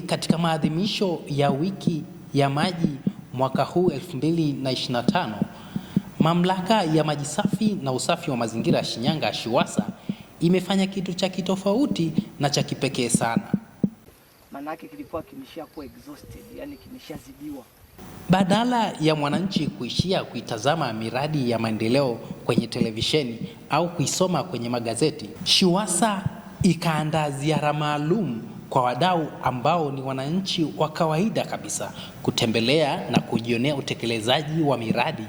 Katika maadhimisho ya wiki ya maji mwaka huu 2025, mamlaka ya maji safi na usafi wa mazingira ya Shinyanga SHUWASA imefanya kitu cha kitofauti na cha kipekee sana. Manake kilikuwa kuwa exhausted, yani kimeshazidiwa. Badala ya mwananchi kuishia kuitazama miradi ya maendeleo kwenye televisheni au kuisoma kwenye magazeti, SHUWASA ikaandaa ziara maalum kwa wadau ambao ni wananchi wa kawaida kabisa kutembelea na kujionea utekelezaji wa miradi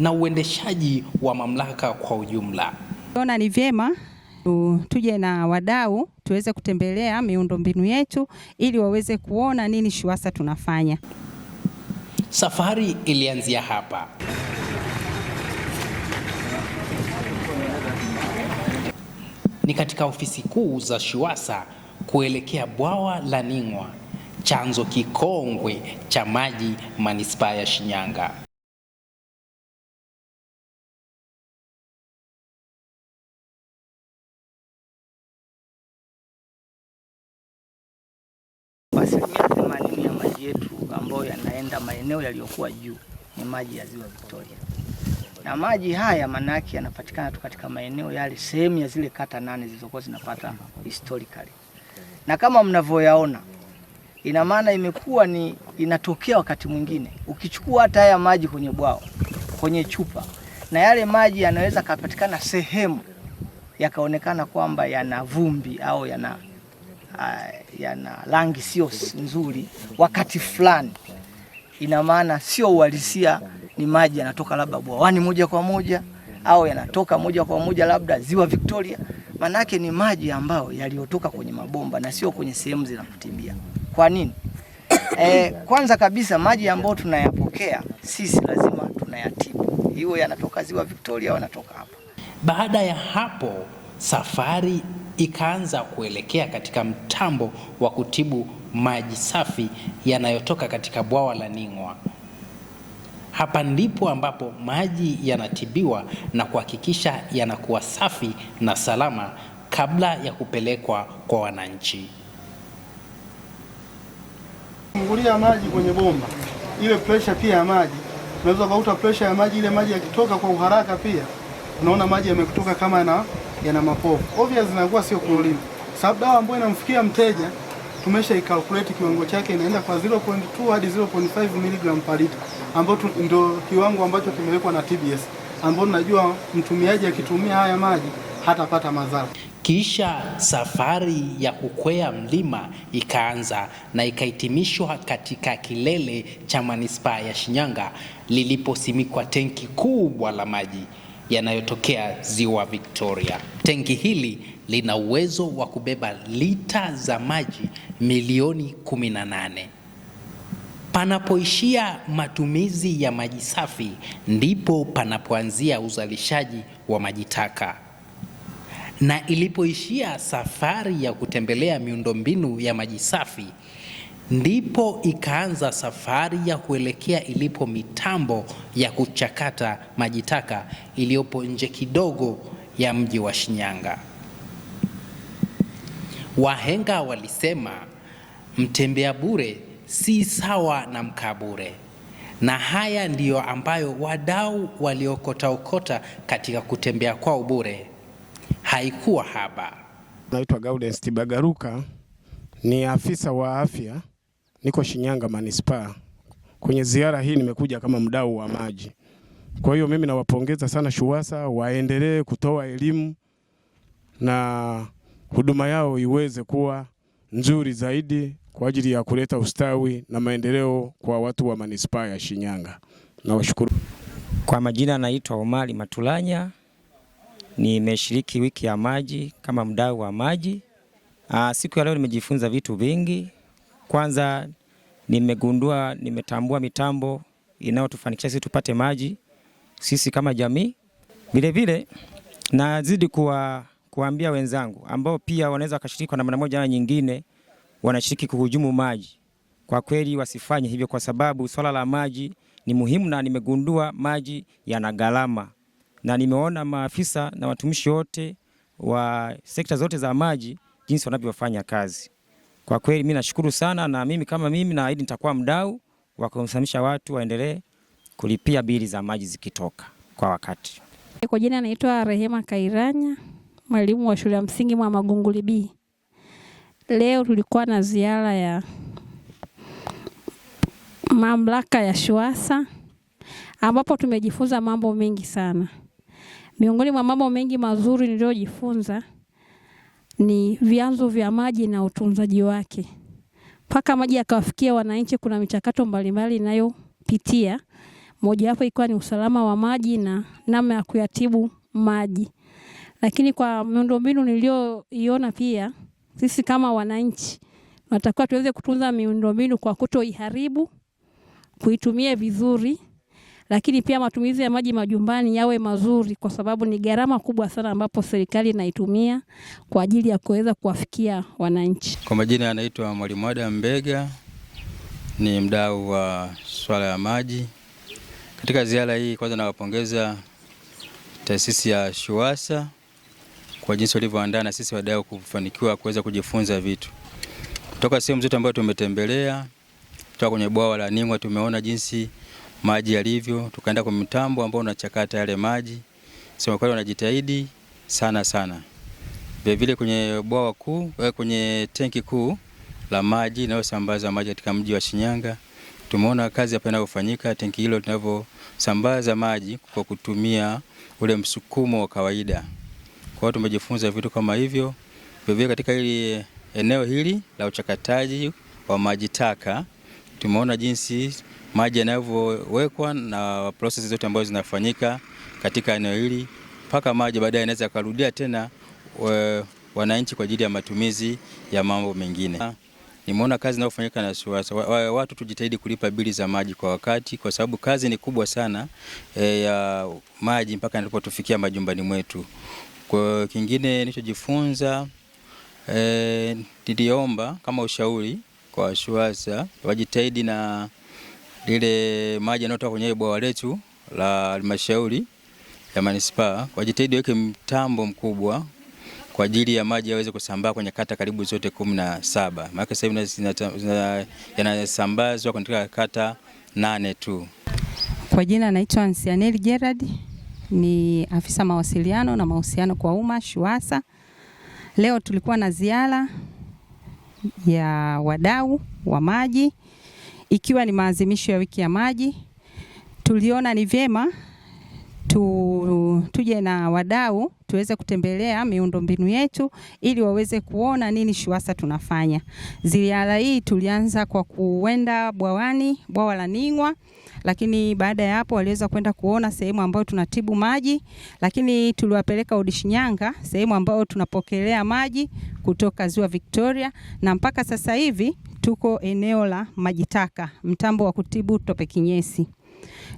na uendeshaji wa mamlaka kwa ujumla. Ona ni vyema tuje na wadau tuweze kutembelea miundombinu yetu ili waweze kuona nini SHUWASA tunafanya. Safari ilianzia hapa. Ni katika ofisi kuu za SHUWASA kuelekea bwawa la Ning'wa, chanzo kikongwe cha maji manispaa ya Shinyanga. Asilimia themanini ya maji yetu ambayo yanaenda maeneo yaliyokuwa juu ni maji ya ziwa Victoria, na maji haya maana yanapatikana tu katika maeneo yale, sehemu ya zile kata nane zilizokuwa zinapata historically na kama mnavyoyaona, ina maana imekuwa ni inatokea wakati mwingine, ukichukua hata haya maji kwenye bwao kwenye chupa, na yale maji yanaweza kapatikana sehemu yakaonekana kwamba yana vumbi au yana uh, yana rangi sio nzuri wakati fulani, ina maana sio uhalisia, ni maji yanatoka labda bwawani moja kwa moja au yanatoka moja kwa moja labda ziwa Victoria. Manake ni maji ambayo yaliyotoka kwenye mabomba na sio kwenye sehemu zinakutibia Kwa nini? E, kwanza kabisa maji ambayo tunayapokea sisi lazima tunayatibu, hiyo yanatoka ziwa Victoria wanatoka hapa. Baada ya hapo safari ikaanza kuelekea katika mtambo wa kutibu maji safi yanayotoka katika bwawa la Ning'wa. Hapa ndipo ambapo maji yanatibiwa na kuhakikisha yanakuwa safi na salama kabla ya kupelekwa kwa wananchi. Fungulia maji kwenye bomba, ile presha pia ya maji unaweza kauta presha ya maji, ile maji yakitoka kwa uharaka pia unaona maji yamekutoka kama yana, yana mapovu obvious, zinakuwa sio chlorine, sababu dawa ambayo inamfikia mteja tumesha ikalkuleti kiwango chake inaenda kwa 0.2 hadi 0.5 mg per liter, ambao ndio kiwango ambacho kimewekwa na TBS, ambao najua mtumiaji akitumia haya maji hatapata madhara. Kisha safari ya kukwea mlima ikaanza na ikahitimishwa katika kilele cha manispaa ya Shinyanga liliposimikwa tenki kubwa la maji yanayotokea ziwa Victoria. Tenki hili lina uwezo wa kubeba lita za maji milioni 18. Panapoishia matumizi ya maji safi ndipo panapoanzia uzalishaji wa maji taka, na ilipoishia safari ya kutembelea miundombinu ya maji safi ndipo ikaanza safari ya kuelekea ilipo mitambo ya kuchakata maji taka iliyopo nje kidogo ya mji wa Shinyanga. Wahenga walisema mtembea bure si sawa na mkaa bure, na haya ndiyo ambayo wadau waliokotaokota katika kutembea kwao bure haikuwa haba. Naitwa Gaudens Tibagaruka, ni afisa wa afya niko Shinyanga manispaa. Kwenye ziara hii nimekuja kama mdau wa maji. Kwa hiyo mimi nawapongeza sana SHUWASA, waendelee kutoa elimu na huduma yao iweze kuwa nzuri zaidi kwa ajili ya kuleta ustawi na maendeleo kwa watu wa manispaa ya Shinyanga. Nawashukuru. Kwa majina naitwa Omari Matulanya, nimeshiriki wiki ya maji kama mdau wa maji. Siku ya leo nimejifunza vitu vingi kwanza nimegundua, nimetambua mitambo inayotufanikisha sisi tupate maji sisi kama jamii. Vilevile nazidi kuwa, kuambia wenzangu ambao pia wanaweza wakashiriki kwa namna moja nyingine, wanashiriki kuhujumu maji, kwa kweli wasifanye hivyo, kwa sababu swala la maji ni muhimu, na nimegundua maji yana gharama, na nimeona maafisa na watumishi wote wa sekta zote za maji jinsi wanavyofanya kazi. Kwa kweli mimi nashukuru sana, na mimi kama mimi naahidi nitakuwa mdau wa kuhamasisha watu waendelee kulipia bili za maji zikitoka kwa wakati. Kwa jina naitwa Rehema Kairanya, mwalimu wa shule ya msingi mwa Magunguli B. Leo tulikuwa na ziara ya mamlaka ya SHUWASA ambapo tumejifunza mambo mengi sana. Miongoni mwa mambo mengi mazuri niliyojifunza ni vyanzo vya maji na utunzaji wake. Mpaka maji yakawafikia wananchi, kuna michakato mbalimbali inayopitia, mojawapo ikiwa ni usalama wa maji na namna ya kuyatibu maji. Lakini kwa miundombinu niliyoiona, pia sisi kama wananchi tunatakiwa tuweze kutunza miundombinu kwa kutoiharibu, kuitumia vizuri lakini pia matumizi ya maji majumbani yawe mazuri, kwa sababu ni gharama kubwa sana ambapo serikali inaitumia kwa ajili ya kuweza kuwafikia wananchi. Kwa majina anaitwa Mwalimu Adam Mbega, ni mdau wa swala ya maji. Katika ziara hii, kwanza nawapongeza taasisi ya SHUWASA kwa jinsi walivyoandaa na sisi wadau kufanikiwa kuweza kujifunza vitu kutoka sehemu zote ambayo tumetembelea kutoka kwenye bwawa la Ning'wa tumeona jinsi maji yalivyo, tukaenda kwa mtambo ambao unachakata yale maji. Sema kweli wanajitahidi sana sana. Vilevile kwenye bwawa kuu, eh, kwenye tenki kuu la maji inayosambaza maji katika mji wa Shinyanga, tumeona kazi hapa inayofanyika, tenki hilo linavyosambaza maji kwa kutumia ule msukumo wa kawaida. Kwa hiyo tumejifunza vitu kama hivyo. Vilevile katika hili eneo hili la uchakataji wa maji taka tumeona jinsi maji yanavyowekwa na prosesi zote ambazo zinafanyika katika eneo hili mpaka maji baadaye yanaweza kurudia tena wananchi kwa ajili ya matumizi ya mambo mengine. Nimeona kazi inayofanyika na SUWASA. Watu tujitahidi kulipa bili za maji kwa wakati, kwa sababu kazi ni kubwa sana e, ya maji mpaka inapotufikia majumbani mwetu. Kwa kingine nilichojifunza e, niliomba kama ushauri kwa washuasa wajitahidi na lile maji yanayotoka kwenye bwawa letu la halmashauri ya manispaa, wajitahidi waweke mtambo mkubwa kwa ajili ya maji yaweze kusambaa kwenye kata karibu zote kumi na saba. Maana sasa yanasambazwa katika kata nane tu. Kwa jina naitwa Ansianeli Gerard, ni afisa mawasiliano na mahusiano kwa umma SHUASA. Leo tulikuwa na ziara ya wadau wa maji ikiwa ni maadhimisho ya wiki ya maji, tuliona ni vyema tu, tuje na wadau tuweze kutembelea miundombinu yetu ili waweze kuona nini SHUWASA tunafanya. Ziara hii tulianza kwa kuenda bwawani, bwawa la Ning'wa, lakini baada ya hapo waliweza kwenda kuona sehemu ambayo tunatibu maji, lakini tuliwapeleka Odishinyanga, sehemu ambayo tunapokelea maji kutoka Ziwa Victoria, na mpaka sasa hivi tuko eneo la majitaka mtambo wa kutibu tope kinyesi.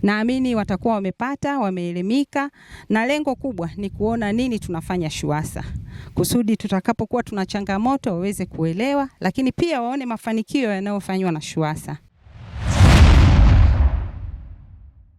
Naamini watakuwa wamepata, wameelimika na lengo kubwa ni kuona nini tunafanya SHUASA kusudi tutakapokuwa tuna changamoto waweze kuelewa, lakini pia waone mafanikio yanayofanywa na SHUASA.